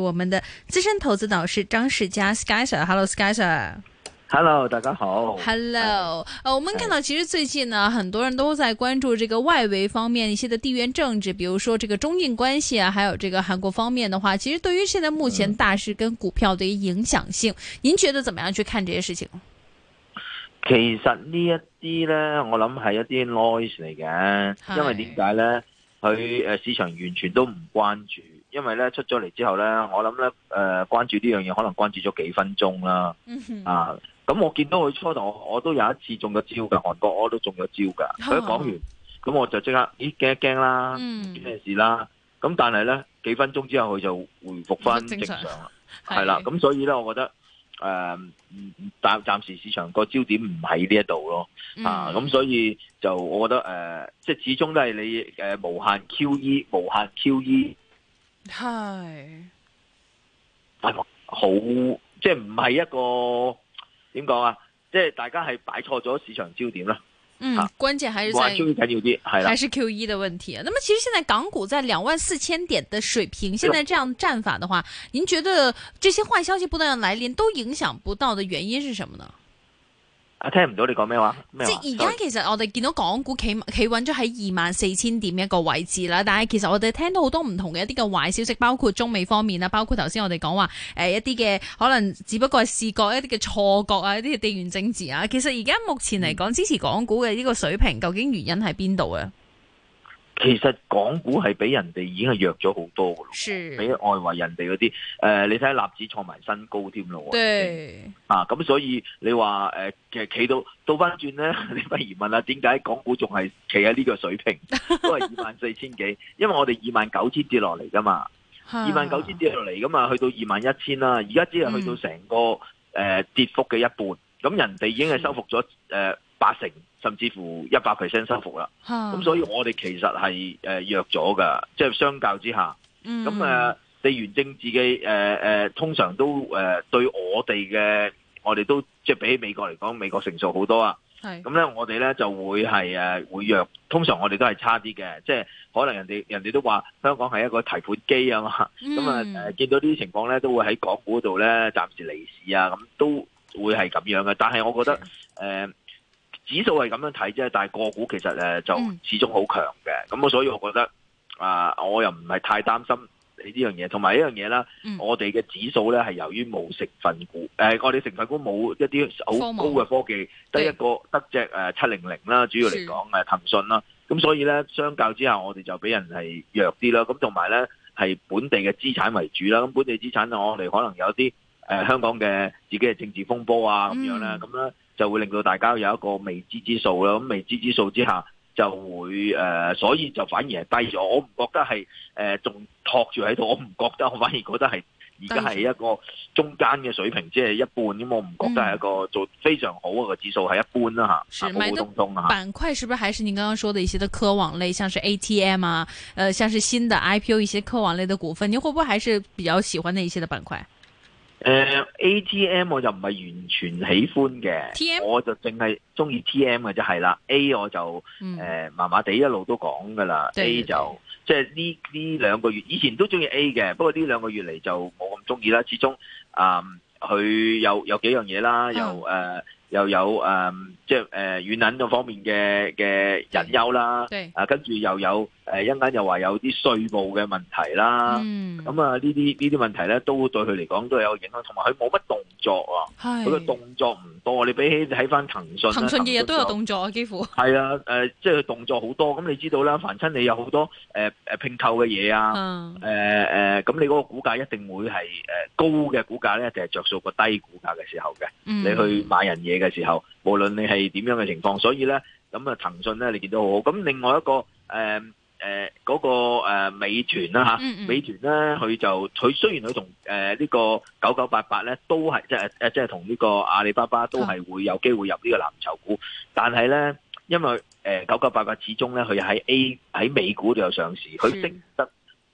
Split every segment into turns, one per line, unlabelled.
我們的資深投資導師張士佳，Skyser，Hello，Skyser，Hello，Sky 大家好，Hello，呃，Hi uh, 我們看到其實最近呢、啊，很多人都在關注這個外圍方面一些的地緣政治，比如說這個中印關係啊，還有這個韓國方面的話，其實對於現在目前大市跟股票的影響性，嗯、您覺得怎麼樣去看這些事情？
其實呢一啲呢，我諗係一啲 noise 嚟嘅，因為點解呢？佢誒市場完全都唔關注。因為咧出咗嚟之後咧，我諗咧誒關注呢樣嘢，可能關注咗幾分鐘啦，嗯、啊咁我見到佢初頭我，我都有一次中咗招噶，韓國我都中咗招噶。佢、哦、講完，咁、嗯、我就即刻咦驚一驚啦，
咩、嗯、事
啦？咁但係咧幾分鐘之後佢就回復翻正常，
正常啦，係啦。
咁所以咧，我覺得誒暫暫時市場個焦點唔喺呢一度咯，嗯、啊咁所以就我覺得誒、呃，即係始終都係你誒無限 QE，無限 QE。
係，
係好，即係唔係一個點講啊？即係大家係擺錯咗市場焦點啦。
嗯，關鍵還是在緊要
啲，係啦，還是
QE 的問題。那麼其實現在港股在兩萬四千點的水平，現在這樣的戰法的話，您覺得這些壞消息不斷來臨都影響不到的原因是什麼呢？
我聽唔到你講咩話，話，即係而家
其實我哋見到港股企企穩咗喺二萬四千點一個位置啦。但係其實我哋聽到好多唔同嘅一啲嘅壞消息，包括中美方面啦，包括頭先我哋講話誒一啲嘅可能只不過係視覺一啲嘅錯覺啊，一啲嘅地緣政治啊。其實而家目前嚟講，嗯、支持港股嘅呢個水平究竟原因喺邊度啊？
其實港股係比人哋已經係弱咗好多嘅咯，比外圍人哋嗰啲，誒、呃，你睇納指創埋新高添咯，啊，咁所以你話誒，其實企到倒翻轉咧，你不如問下點解港股仲係企喺呢個水平，都係二萬四千幾， 因為我哋二萬九千跌落嚟噶嘛，二萬九千跌落嚟，噶嘛，去到二萬一千啦，而家只係去到成個誒、嗯呃、跌幅嘅一半，咁人哋已經係收復咗誒、呃、八成。甚至乎一百 percent 收復啦，咁、啊、所以我哋其實係誒、呃、弱咗噶，即係相較之下，咁誒地緣政治嘅誒誒，通常都誒、呃、對我哋嘅我哋都即係比起美國嚟講，美國成熟好多啊。咁咧，那我哋咧就會係誒、呃、會弱，通常我哋都係差啲嘅，即係可能人哋人哋都話香港係一個提款機啊嘛。咁啊誒見到呢啲情況咧，都會喺港股度咧暫時離市啊，咁都會係咁樣嘅。但係我覺得誒。Okay. 呃指數係咁樣睇啫，但係個股其實誒就始終好強嘅，咁、嗯、我所以我覺得啊、呃，我又唔係太擔心你這這呢呢樣嘢，同埋一樣嘢啦，我哋嘅指數咧係由於冇成分股，誒、呃，我哋成分股冇一啲好高嘅科技，得一個得、嗯、隻誒七零零啦，主要嚟講誒騰訊啦，咁、嗯、所以咧相較之下，我哋就俾人係弱啲啦，咁同埋咧係本地嘅資產為主啦，咁本地資產呢我哋可能有啲誒、呃、香港嘅自己嘅政治風波啊咁樣啦，咁、嗯、啦。就會令到大家有一個未知之數啦，咁未知之數之下，就會誒、呃，所以就反而低咗。我唔覺得係誒，仲、呃、托住喺度。我唔覺得，我反而覺得係而家係一個中間嘅水平，是即係一半。咁我唔覺得係一個做非常好嘅個指數係、嗯、一般啦，吓，中中中啊。普普通通啊。板
塊是不是還是您剛剛說的一些的科網類，像是 ATM 啊，呃，像是新的 IPO 一些科網類的股份，您會不會還是比較喜歡那一些的板塊？誒、呃、
，A T M 我就唔係完全喜歡嘅，TM? 我就淨係中意 T M 嘅就係、是、啦，A 我就誒麻麻地一路都講㗎啦，A 就即係呢呢兩個月以前都中意 A 嘅，不過呢兩個月嚟就冇咁中意啦，始終啊佢有有幾樣嘢啦，又誒又有誒即係誒軟銀嗰方面嘅嘅隱憂啦，啊跟住又有。呃誒、呃，一陣間又話有啲稅務嘅問題啦，咁、嗯、啊呢啲呢啲問題咧，都對佢嚟講都有影響，同埋佢冇乜動作啊，佢個動作唔多。你比起睇返騰訊，騰訊日日都有動
作啊，幾乎係
啊，誒、呃，即係佢動作好多。咁、嗯嗯嗯嗯、你知道啦，凡親你有好多誒誒、呃、併購嘅嘢啊，誒、呃、誒，咁、呃嗯、你嗰個股價一定會係誒、呃、高嘅股價咧，定係着數個低股價嘅時候嘅、嗯。你去買人嘢嘅時候，無論你係點樣嘅情況，所以咧，咁啊騰訊咧，你見到好好。咁另外一個誒。呃誒、呃，嗰、那個誒、呃，美團啦吓，美團咧，佢就佢雖然佢同誒呢個九九八八咧，都係即係誒，即係同呢個阿里巴巴都係會有機會入呢個藍籌股，嗯、但係咧，因為誒九九八八始終咧，佢喺 A 喺美股度有上市，佢升得、嗯、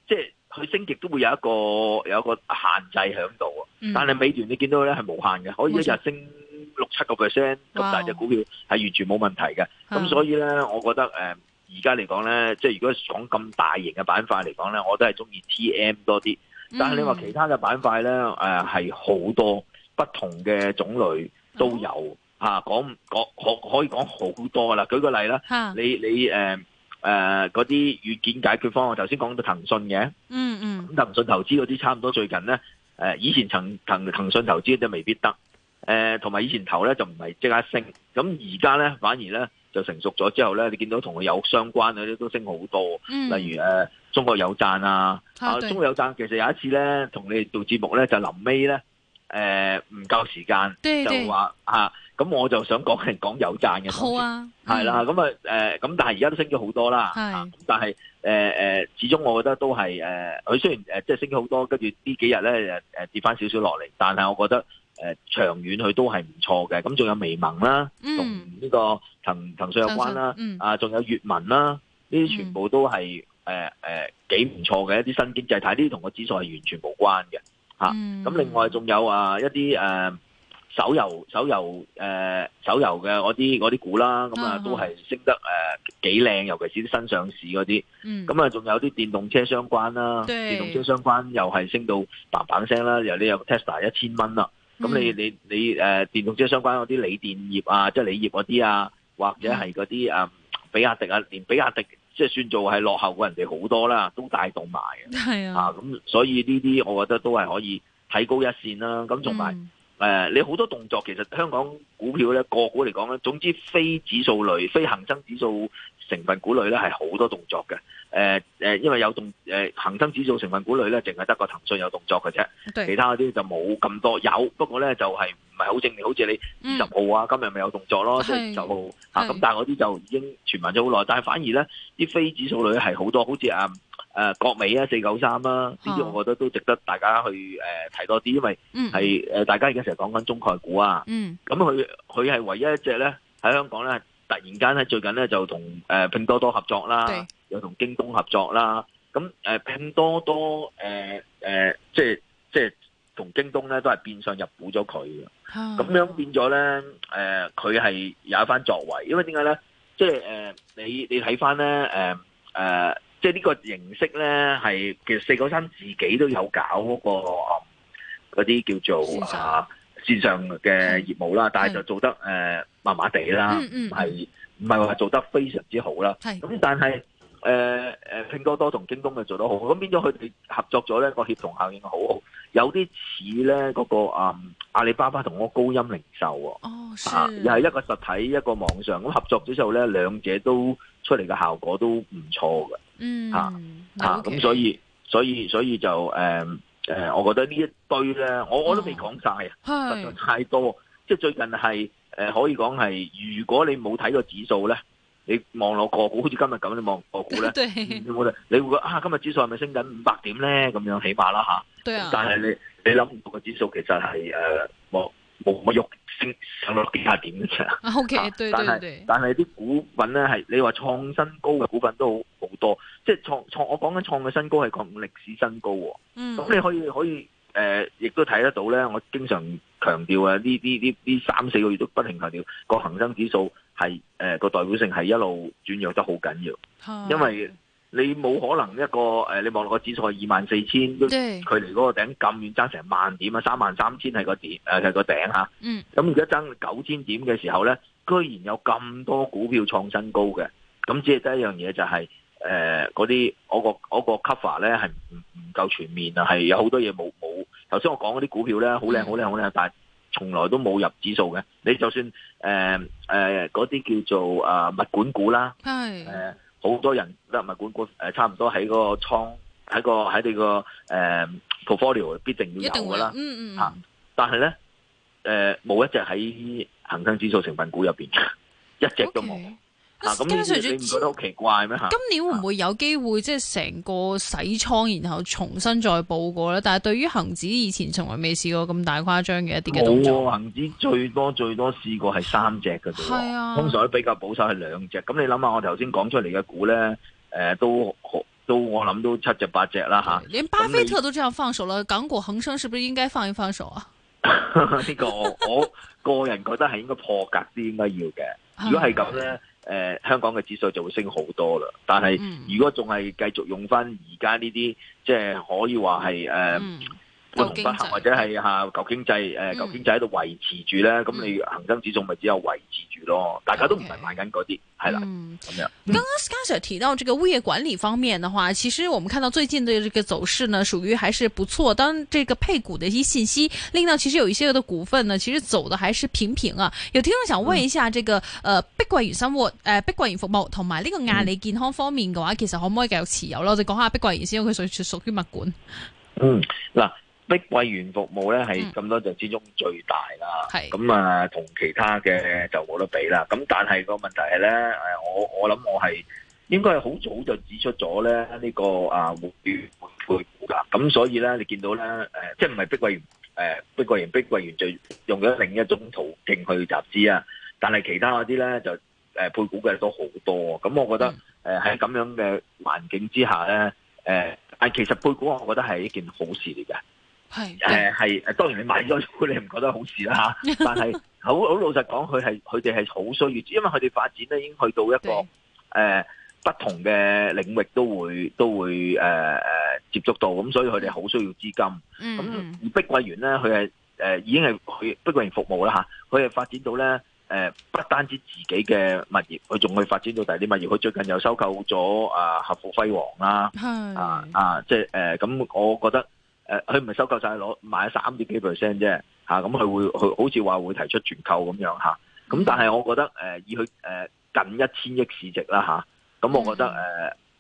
即係佢升極都會有一個有一個限制喺度、嗯，但係美團你見到咧係無限嘅，可以一日升六七個 percent 咁大隻股票係完全冇問題嘅，咁、嗯、所以咧，我覺得誒。呃而家嚟講咧，即係如果講咁大型嘅板塊嚟講咧，我都係中意 TM 多啲。但係你話其他嘅板塊咧，誒係好多不同嘅種類都有嚇。講、嗯、講、啊、可可以講好多㗎啦。舉個例啦，你你誒誒嗰啲軟件解決方案，我頭先講到騰訊嘅，嗯嗯，騰訊投資嗰啲差唔多最近咧，誒、呃、以前騰騰騰訊投資嘅就未必得，誒同埋以前投咧就唔係即刻升，咁而家咧反而咧。就成熟咗之後咧，你見到同佢有相關嗰啲都升好多、嗯，例如誒、呃、中國有贊啊，啊，啊中國有贊其實有一次咧，同你哋做節目咧就臨尾咧誒唔夠時間，就話咁、啊、我就想講係講有贊嘅，好啊，係、嗯、啦，咁啊咁但係而家都升咗好多啦，啊、但係誒誒，始終我覺得都係誒，佢、呃、雖然、呃、即係升咗好多，跟住呢幾日咧跌翻少少落嚟，但係我覺得。誒，長遠佢都係唔錯嘅，咁仲有微盟啦，
同
呢個騰騰訊有關啦，啊、嗯，仲、嗯、有閱文啦，呢啲全部都係誒誒幾唔錯嘅一啲新經濟體，睇呢啲同個指數係完全無關嘅吓。咁、嗯啊、另外仲有啊一啲誒手遊手遊誒、呃、手遊嘅嗰啲嗰啲股啦，咁啊都係升得誒幾靚，尤其是啲新上市嗰啲。咁啊仲有啲電動車相關啦，電動車相關又係升到嘭嘭聲啦，有呢個 Tesla 一千蚊啦。咁你你你誒、呃、電動車相關嗰啲鋰電業啊，即係鋰業嗰啲啊，或者係嗰啲誒比亞迪啊，連比亞迪即係算做係落後過人哋好多啦，都帶動埋嘅、啊。啊，咁所以呢啲我覺得都係可以提高一線啦、啊。咁同埋誒你好多動作，其實香港股票咧，個股嚟講咧，總之非指數類、非恒生指數成分股類咧係好多動作嘅。誒、呃、誒、呃，因為有動誒恒、呃、生指數成分股裏咧，淨係得個騰訊有動作嘅啫，其他嗰啲就冇咁多。有，不過咧就係唔係好正面，好似你二十號啊，嗯、今日咪有動作咯，即係十號啊。咁但係嗰啲就已經傳聞咗好耐，但係反而咧啲非指數類係好多，好似啊誒、啊、國美493啊四九三啦，呢、啊、啲我覺得都值得大家去誒睇、呃、多啲，因為係誒、嗯、大家而家成日講緊中概股啊，咁佢佢係唯一一隻咧喺香港咧突然間咧最近咧就同誒、呃、拼多多合作啦。有同京東合作啦，咁誒拼多多誒誒，即係即係同京東咧都係變相入股咗佢嘅，咁、啊、樣變咗咧誒，佢、呃、係有一番作為，因為點解咧？即係誒、呃，你你睇翻咧誒即係呢個形式咧，係其實四九三自己都有搞嗰、嗰個嗰啲叫做啊線上嘅、啊、業務啦，但係就做得誒麻麻地啦，係唔係話做得非常之好啦？咁，但係。誒、呃、誒，拼多多同京東嘅做得好，咁變咗佢哋合作咗咧，個協同效應好好，有啲似咧嗰個啊、嗯、阿里巴巴同嗰個高鑫零售，哦、啊、又係一個實體一個網上，咁合作之後咧，兩者都出嚟嘅效果都唔錯嘅，嗯、吓、啊、吓，咁、啊 okay. 嗯、所以所以所以就誒誒、嗯，我覺得呢一堆咧，我我都未講晒，實在太多，即係最近係誒、呃、可以講係，如果你冇睇過指數咧。你望落個股，好似今日咁，你望個股咧，我 哋你會覺得啊，今日指數係咪升緊五百點咧？咁樣起碼啦吓。對啊但，但係你你諗唔到個指數其實係誒，冇冇乜肉升上到幾下點嘅啫。O、okay, K，對對對但，但係但係啲股份咧係，你話創新高嘅股份都好好多，即係創創，我講緊創嘅新高係講歷史新高。嗯。咁你可以可以，誒、呃，亦都睇得到咧。我經常強調啊，呢呢呢呢三四個月都不停強調個恒生指數係誒個代表性係一路轉弱得好緊要，因為你冇可能一個誒、呃、你望落個指數二萬四千，佢離嗰個頂咁遠，爭成萬點啊，三萬三千係、個點誒、呃、個頂吓。咁而家爭九千點嘅時候咧，居然有咁多股票創新高嘅，咁只係得一樣嘢就係誒嗰啲我個我個 cover 咧係唔唔夠全面啊，係有好多嘢冇。頭先我講嗰啲股票咧，好靚好靚好靚，但係從來都冇入指數嘅。你就算誒誒嗰啲叫做啊、呃、物管股啦，好、呃、多人物管股、呃、差唔多喺嗰個倉，喺個喺你個誒、呃、portfolio 必定要有㗎啦，有，嗯嗯。但係咧誒冇一隻喺恒生指數成分股入邊，一隻都冇。Okay. 加上住，你唔覺得好奇怪咩？今
年會唔會有機會即係成、啊、個洗倉，然後重新再報過咧？但係對於恒指，以前從來未試過咁大誇張嘅一啲嘅動作。冇
恆指最多最多試過係三隻嘅啫、啊，通常比較保守係兩隻。咁你諗下、呃，我頭先講出嚟嘅股咧，都都我諗都七隻八隻啦嚇、啊。連巴菲特都
這樣放手了，港股恆生是不是應該放一放手啊？
呢 個我，我個人覺得係應該破格啲應該要嘅、啊。如果係咁咧。誒、呃，香港嘅指數就會升好多啦，但係如果仲係繼續用翻而家呢啲，即、就、係、是、可以話係誒。呃嗯唔行經濟或者係吓舊經濟誒，舊、嗯、經濟喺度維持住咧，咁、嗯、你恒生指數咪只有維持住咯。嗯、大家都唔係買緊嗰啲，係啦。
嗯咁、嗯、樣，剛剛 Scarter 提到這個物業管理方面的話，其實我們看到最近的這個走勢呢，屬於還是不錯。當這個配股的一些信息令到其實有一些的股份呢，其實走得還是平平啊。有聽眾想問一下，這個誒、嗯呃、碧桂園生活誒、呃、碧桂園服務同埋呢個阿里健康方面嘅話，其實可唔可以繼續持有咯？我哋講下碧桂園先，因為佢屬屬屬於物管。嗯，嗱。
嗯啦碧桂園服務咧係咁多隻之中最大啦，咁啊同其他嘅，就冇得比啦。咁但係個問題係咧，誒我我諗我係應該係好早就指出咗咧呢個啊會配股㗎，咁所以咧你見到咧誒、呃、即係唔係碧桂園誒、呃、碧桂園碧桂園就用咗另一種途徑去集資啊，但係其他嗰啲咧就誒、呃、配股嘅都好多。咁我覺得誒喺咁樣嘅環境之下咧，誒但係其實配股我覺得係一件好事嚟嘅。係誒，係誒，當然你買咗，你唔覺得好事啦吓？但係好好老實講，佢係佢哋係好需要，因為佢哋發展咧已經去到一個誒、呃、不同嘅領域都會都會誒誒、呃、接觸到，咁所以佢哋好需要資金。
咁、嗯、而
碧桂園咧，佢係誒已經係佢碧桂園服務啦吓，佢係發展到咧誒、呃、不單止自己嘅物業，佢仲會發展到第啲物業。佢最近又收購咗啊合富輝煌啦，啊、呃、啊、呃呃、即係誒咁，呃、我覺得。誒、呃，佢唔係收購晒，攞，買咗三點幾 percent 啫，吓，咁佢會佢好似話會提出全購咁樣吓，咁、啊、但係我覺得誒、呃、以佢誒、呃、近一千億市值啦吓，咁、啊、我覺得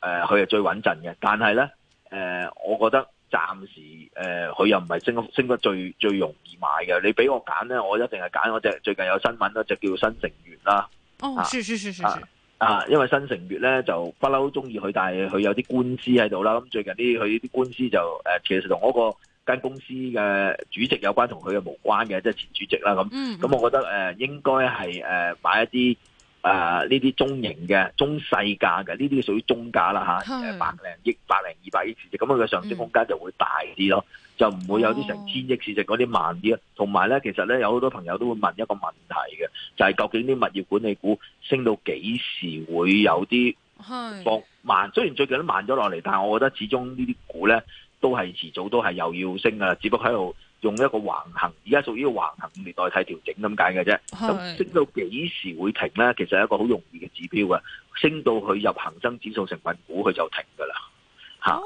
誒誒佢係最穩陣嘅，但係咧誒我覺得暫時誒佢、呃、又唔係升升得最最容易買嘅，你俾我揀咧，我一定係揀我隻最近有新聞隻叫新成員啦、啊。哦，是是是是是。啊，因為新城月咧就不嬲中意佢，但係佢有啲官司喺度啦。咁最近啲佢啲官司就誒，其實同我個間公司嘅主席有關，同佢嘅無關嘅，即係前主席啦。咁咁，我覺得誒，應該係誒買一啲。誒、呃，呢啲中型嘅，中細價嘅，呢啲屬於中價啦，吓，
百零
億、百零二百億市值，咁佢嘅上升空間就會大啲咯，嗯，就唔會有啲成千億市值嗰啲慢啲咯。同埋咧，其實咧有好多朋友都會問一個問題嘅，就係、是、究竟啲物業管理股升到幾時會有啲放慢？雖然最近都慢咗落嚟，但係我覺得始終呢啲股咧都係遲早都係又要升噶啦，只不過喺度。用一個橫行，而家屬於個橫行嚟代替調整咁解嘅啫。咁升到幾時會停咧？其實係一個好容易嘅指標嘅，升到佢入恒生指數成分股，佢就停噶啦。嚇！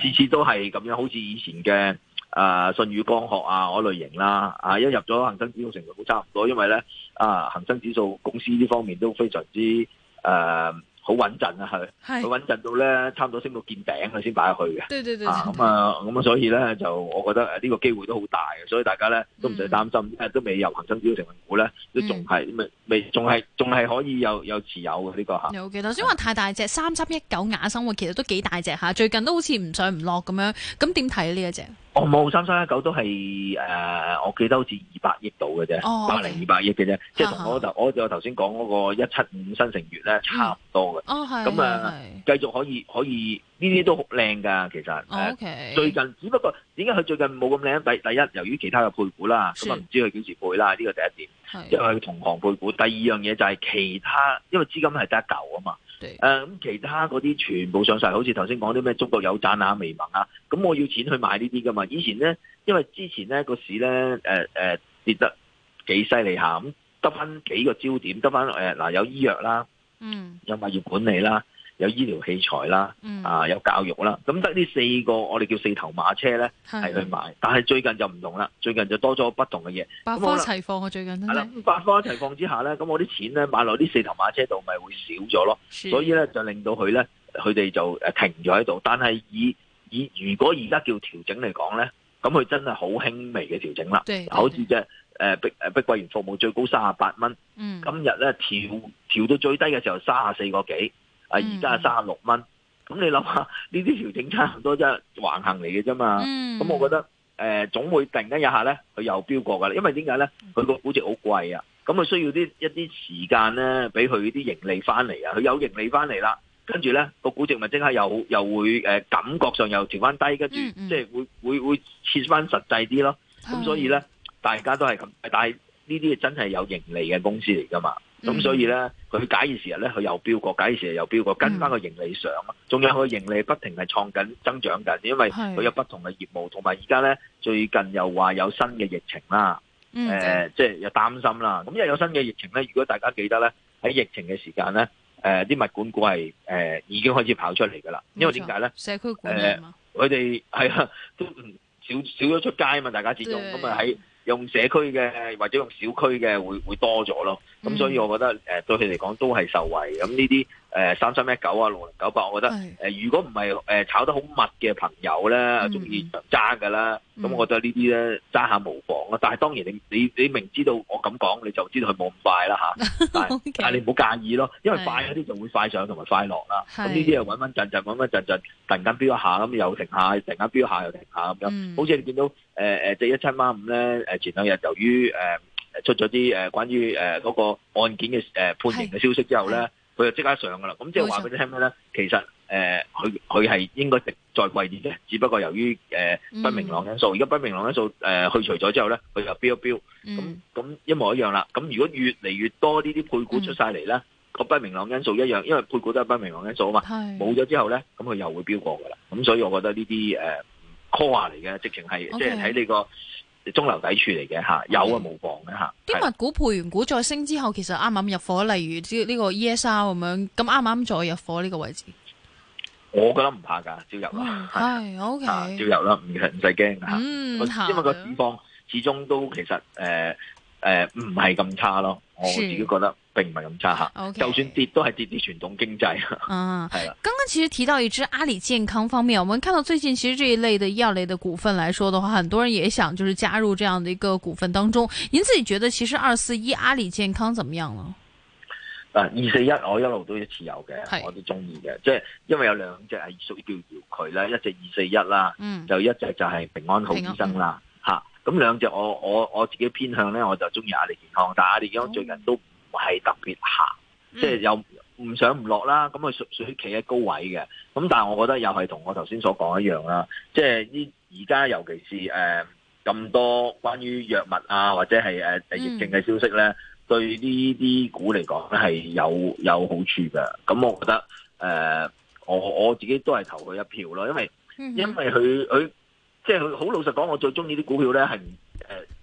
次次都係咁樣，好似以前嘅、啊、舜宇光學啊嗰類型啦，啊一入咗恒生指數成分股差唔多，因為咧啊恆生指數公司呢方面都非常之好穩陣啊，係佢穩陣到咧，差唔多升到見頂，佢先擺入去嘅。對對對，咁啊，咁啊，所以咧就我覺得誒，呢個機會都好大嘅，所以大家咧都唔使擔心，嗯、都未入恒生指成分股咧，都仲係未仲係仲係可以有有持有嘅呢、嗯這個吓。
有幾多？雖然話太大隻，三三一九雅生活其實都幾大隻吓，最近都好似唔上唔落咁樣，咁點睇呢一隻？
我冇三三一九都係誒、呃，我記得好似二百億到嘅啫，百零二百億嘅啫，即係同我頭 我我頭先講嗰個一七五新城月咧差唔多嘅。咁啊繼續可以可以呢啲都好靚噶，其實。O、oh, K、okay. 最近只不過點解佢最近冇咁靚？第第一，由於其他嘅配股啦，咁啊唔知佢幾時配啦，呢、這個第一點。即係係佢同行配股，第二樣嘢就係其他，因為資金係得一嚿啊嘛。誒、嗯，咁其他嗰啲全部上晒，好似頭先講啲咩中國有贊啊、微盟啊，咁我要錢去買呢啲噶嘛？以前咧，因為之前咧個市咧，誒、呃、誒、呃、跌得幾犀利下，咁得翻幾個焦點，得翻誒嗱有醫藥啦，啦，嗯，有物業管理啦。有醫療器材啦，嗯、啊有教育啦，咁得呢四個我哋叫四頭馬車咧，係去買。但係最近就唔同啦，最近就多咗不同嘅嘢，百花齊
放啊！最近係啦，
百花齊放之下咧，咁我啲錢咧買落啲四頭馬車度，咪會少咗咯。所以咧就令到佢咧，佢哋就停咗喺度。但係以以如果而家叫調整嚟講咧，咁佢真係好輕微嘅調整啦。好似即誒誒碧桂園服務最高三十八蚊，今日咧調調，調到最低嘅時候三十四個幾。啊！嗯、想想而家係三十六蚊，咁你諗下呢啲調整差唔多真係橫行嚟嘅啫嘛。咁我覺得誒、呃，總會突然間一下咧，佢又飆過噶啦。因為點解咧？佢個估值好貴啊，咁佢需要啲一啲時間咧，俾佢啲盈利翻嚟啊。佢有盈利翻嚟啦，跟住咧個估值咪即刻又又會誒、呃、感覺上又調翻低，跟住即係會會會切翻實際啲咯。咁所以咧，大家都係咁，但係呢啲真係有盈利嘅公司嚟噶嘛。咁、嗯、所以咧，佢假以時日咧，佢又飆過；假以時日又飆過，跟翻個盈利上仲、嗯、有佢嘅盈利不停係創緊增長緊，因為佢有不同嘅業務，同埋而家咧最近又話有新嘅疫情啦。誒、嗯呃，即係又擔心啦。咁、嗯嗯、因為有新嘅疫情咧，如果大家記得咧，喺疫情嘅時間咧，誒、呃、啲物管股係誒、呃、已經開始跑出嚟噶啦。因為點解
咧？社區股
佢哋係啊，都少少咗出街啊嘛，大家始終咁啊喺。用社區嘅或者用小區嘅會會多咗咯，咁所以我覺得誒對佢嚟講都係受惠咁呢啲。誒、呃，三三一九啊，六零九八，我覺得誒、呃，如果唔係誒炒得好密嘅朋友咧，中意揸噶啦，咁、嗯、我覺得呢啲咧揸下無妨啊。但係當然你你你明知道我咁講，你就知道佢冇咁快啦吓、啊。 但係你唔好介意咯，因為快嗰啲就會快上同埋快落啦。咁呢啲就穩穩陣陣，穩穩陣陣，突然間飆一下咁又停下，突然間飆一下又停下咁樣。好似你見到誒誒，即係一七孖五咧，誒前兩日由於誒出咗啲誒關於誒嗰個案件嘅誒判刑嘅消息之後咧。佢就即刻上噶啦，咁即係話俾你聽咩咧？其實誒，佢佢係應該值再貴啲啫，只不過由於誒、呃、不明朗因素，而、嗯、家不明朗因素誒、呃、去除咗之後咧，佢又飆一飆，咁、嗯、咁一模一樣啦。咁如果越嚟越多呢啲配股出晒嚟咧，個、嗯、不明朗因素一樣，因為配股都係不明朗因素啊嘛，冇咗之後咧，咁佢又會飆過噶啦。咁所以我覺得呢啲誒 call 下嚟嘅，直情係即係喺你個。中流砥柱嚟嘅吓，有啊冇放？嘅吓。啲、okay. 物
股配完股再升之後，其實啱啱入貨，例如呢個 ESR 咁樣，咁啱啱再入貨呢個位置，
我覺得唔怕㗎，照入啊。係 OK，照入啦，唔唔使驚吓。嗯，因為嗰個地方始終都其實誒。呃誒、呃，唔係咁差咯，我自己覺得並唔係咁差吓。Okay. 就算跌都係跌啲傳統經濟。嗯、啊，係 啦。
剛剛其實提到一支阿里健康方面，我們看到最近其實這一類的醫藥類的股份來說的話，很多人也想就是加入這樣的一個股份當中。你自己覺得其實二四一阿里健康怎麼樣呢？
啊，二四一我一路都持有嘅，我都中意嘅。即係因為有兩隻係屬於叫佢啦，一隻二四一啦、嗯，就一隻就係平安好醫生啦。咁兩隻我我我自己偏向咧，我就中意阿里健康，但係阿里健康最近都唔係特別行，即、嗯、係、就是、又唔上唔落啦。咁佢屬屬於企喺高位嘅。咁但係我覺得又係同我頭先所講一樣啦。即係依而家尤其是誒咁、呃、多關於藥物啊或者係誒、呃、疫症嘅消息咧、嗯，對呢啲股嚟講咧係有有好處嘅。咁我覺得誒、呃、我我自己都係投佢一票咯，因為
因為佢佢。
嗯即係佢，好老實講，我最中意啲股票咧，係誒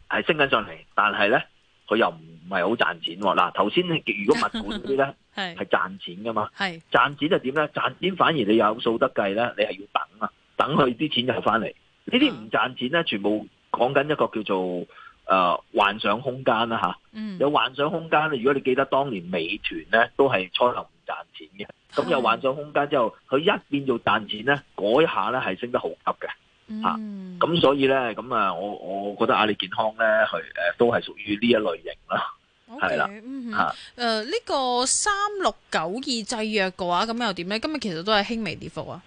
係升緊上嚟，但係咧佢又唔係好賺錢、啊。嗱、啊，頭先如果物管嗰啲咧係賺錢噶嘛，係賺錢就點咧？賺錢反而你有數得計咧，你係要等啊，等佢啲錢又翻嚟。賺呢啲唔賺錢咧，全部講緊一個叫做誒、呃、幻想空間啦吓，有幻想空間咧。如果你記得當年美團咧都係初頭唔賺錢嘅，咁有幻想空間之後，佢一變做賺錢咧，嗰一下咧係升得好急嘅。吓、嗯、咁、啊、所以咧，咁啊，我我覺得阿里健康咧，佢誒都係屬於呢一類型啦，係、okay，啦，吓、嗯、誒、嗯、
呢、呃，這個三六九二製藥嘅話，咁又點咧？今日其實都係輕微跌幅、哦、啊。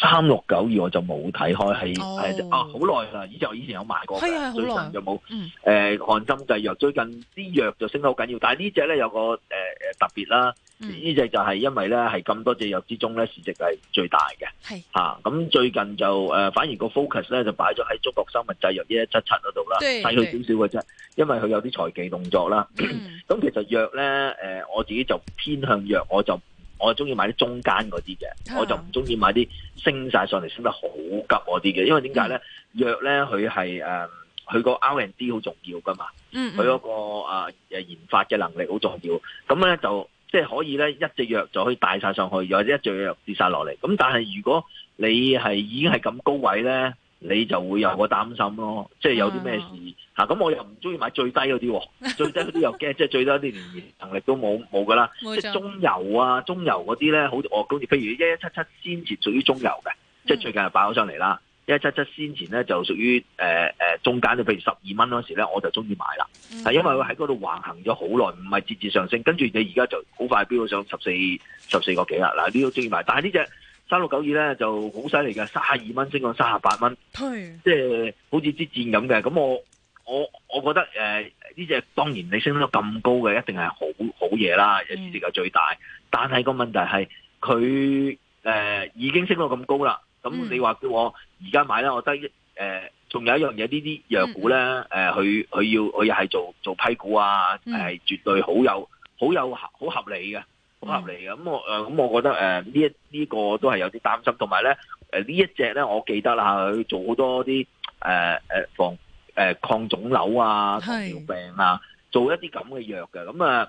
三六九二我就冇睇開，係係好耐啦，以就以前有買過啊，最近有冇誒翰森製藥？最近啲藥就升得好緊要，但係呢隻咧有個誒誒、呃、特別啦。呢、嗯、隻就係因為咧，係咁多隻藥之中咧，市值係最大嘅。係吓，咁最近就誒、呃，反而個 focus 咧就擺咗喺中國生物製藥一一七七嗰度啦，細佢少少嘅啫。因為佢有啲財技動作啦。咁、嗯、其實藥咧誒，我自己就偏向藥，我就我中意買啲中間嗰啲嘅，我就唔中意買啲升晒上嚟升得好急嗰啲嘅。因為點解咧？藥咧佢係誒，佢個 R&D 好重要噶嘛。佢、嗯、嗰、嗯、個誒、呃、研發嘅能力好重要。咁咧就。即係可以咧，一隻藥就可以帶晒上去，又或者一隻藥跌晒落嚟。咁但係如果你係已經係咁高位咧，你就會有個擔心咯。即係有啲咩事嚇？咁、 啊、我又唔中意買最低嗰啲，最低嗰啲又驚， 即係最低啲連能力都冇冇噶啦。即係中游啊，中游嗰啲咧，好我好住，譬如一一七七先前屬於中游嘅， 即係最近又爆咗上嚟啦。 一七七先前咧就屬於誒、呃、中間，就譬如十二蚊嗰時咧，我就中意買啦。係、嗯、因為佢喺嗰度橫行咗好耐，唔係節節上升。跟住你而家就好快就飆到上十四十四個幾啦。嗱，呢都中意買。但係呢隻三六九二咧就好犀利嘅，三十二蚊升到三十八蚊，即係、就是、好似支箭咁嘅。咁我我我覺得誒呢隻當然你升到咁高嘅一定係好好嘢啦，一、嗯、市值最大。但係個問題係佢誒已經升到咁高啦，咁你話叫我？嗯而家買咧，我覺得誒，仲、呃、有一樣嘢，呢啲藥股咧，誒、呃，佢佢要，佢又係做做批股啊，係、嗯呃、絕對好有好有合好合理嘅，好合理嘅。咁、嗯嗯、我咁、嗯、我覺得誒，呢、呃、一呢、呢個都係有啲擔心，同埋咧呢、呃、一隻咧，我記得啦，佢做好多啲誒、呃、防誒、呃、抗腫瘤啊、糖尿病啊，做一啲咁嘅藥嘅，咁啊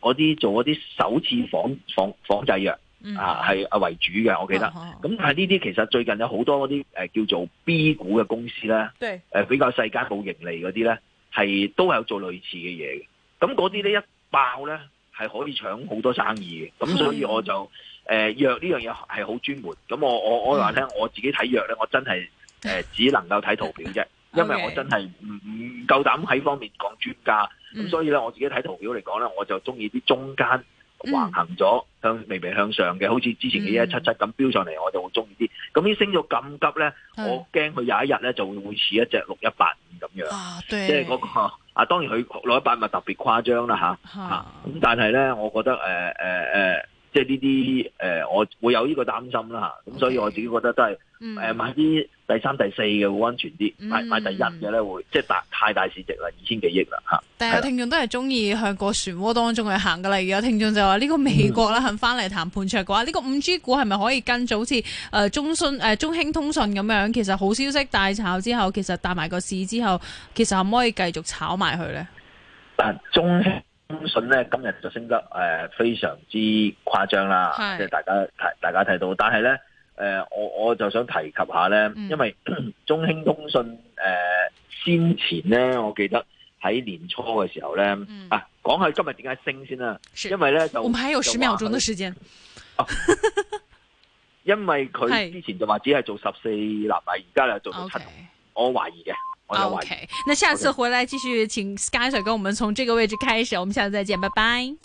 我啲做嗰啲首次仿仿仿製藥。啊、嗯，係啊為主嘅，我記得。咁但係呢啲其實最近有好多嗰啲誒叫做 B 股嘅公司咧，誒、呃、比較細間冇盈利嗰啲咧，係都有做類似嘅嘢嘅。咁嗰啲呢，一爆咧，係可以搶好多生意嘅。咁所以我就誒，藥呢樣嘢係好專門。咁我我我話、嗯、我自己睇藥咧，我真係誒、呃、只能夠睇圖表啫， okay。因為我真係唔唔夠膽喺方面講專家。咁所以咧，我自己睇圖表嚟講咧，我就中意啲中間。嗯、橫行咗，向微微向上嘅，好似之前嘅一七七咁飆上嚟，我就好中意啲。咁呢升咗咁急咧，我驚佢有一日咧就會會似一隻六一八五咁樣，即係嗰個啊。當然佢六一八五咪特別誇張啦吓，吓、啊、咁但係咧，我覺得誒誒誒。呃呃呃即係呢啲誒，我會有呢個擔心啦咁、okay. 所以我自己覺得都係誒、呃、買啲第三、第四嘅會安全啲、mm.，買買第一嘅咧會即係大太大市值啦，二千幾億啦但係聽
眾都係中意向個漩渦當中去行嘅例而有聽眾就話：呢、呢個美國啦肯翻嚟談判桌嘅話，呢、mm. 個五 G 股係咪可以跟住好似誒中信誒、呃、中興通訊咁樣？其實好消息大炒之後，其實帶埋個市之後，其實可唔可以繼續炒埋佢咧？
但中興。通訊咧今日就升得誒、呃、非常之誇張啦，即係大家睇大家睇到，但係咧誒我我就想提及一下咧、嗯，因為中興通訊誒先前咧我記得喺年初嘅時候咧、嗯、啊講下今日點解升先啦，因為咧就我們還有十秒鐘嘅時間、 哦，因為佢之前就話只係做十四，立但而家呢，做到七、okay，我懷疑嘅。OK，那下次
回來繼續，請 Sky 哥跟我們從這個位置開始，我們下次再見，拜拜。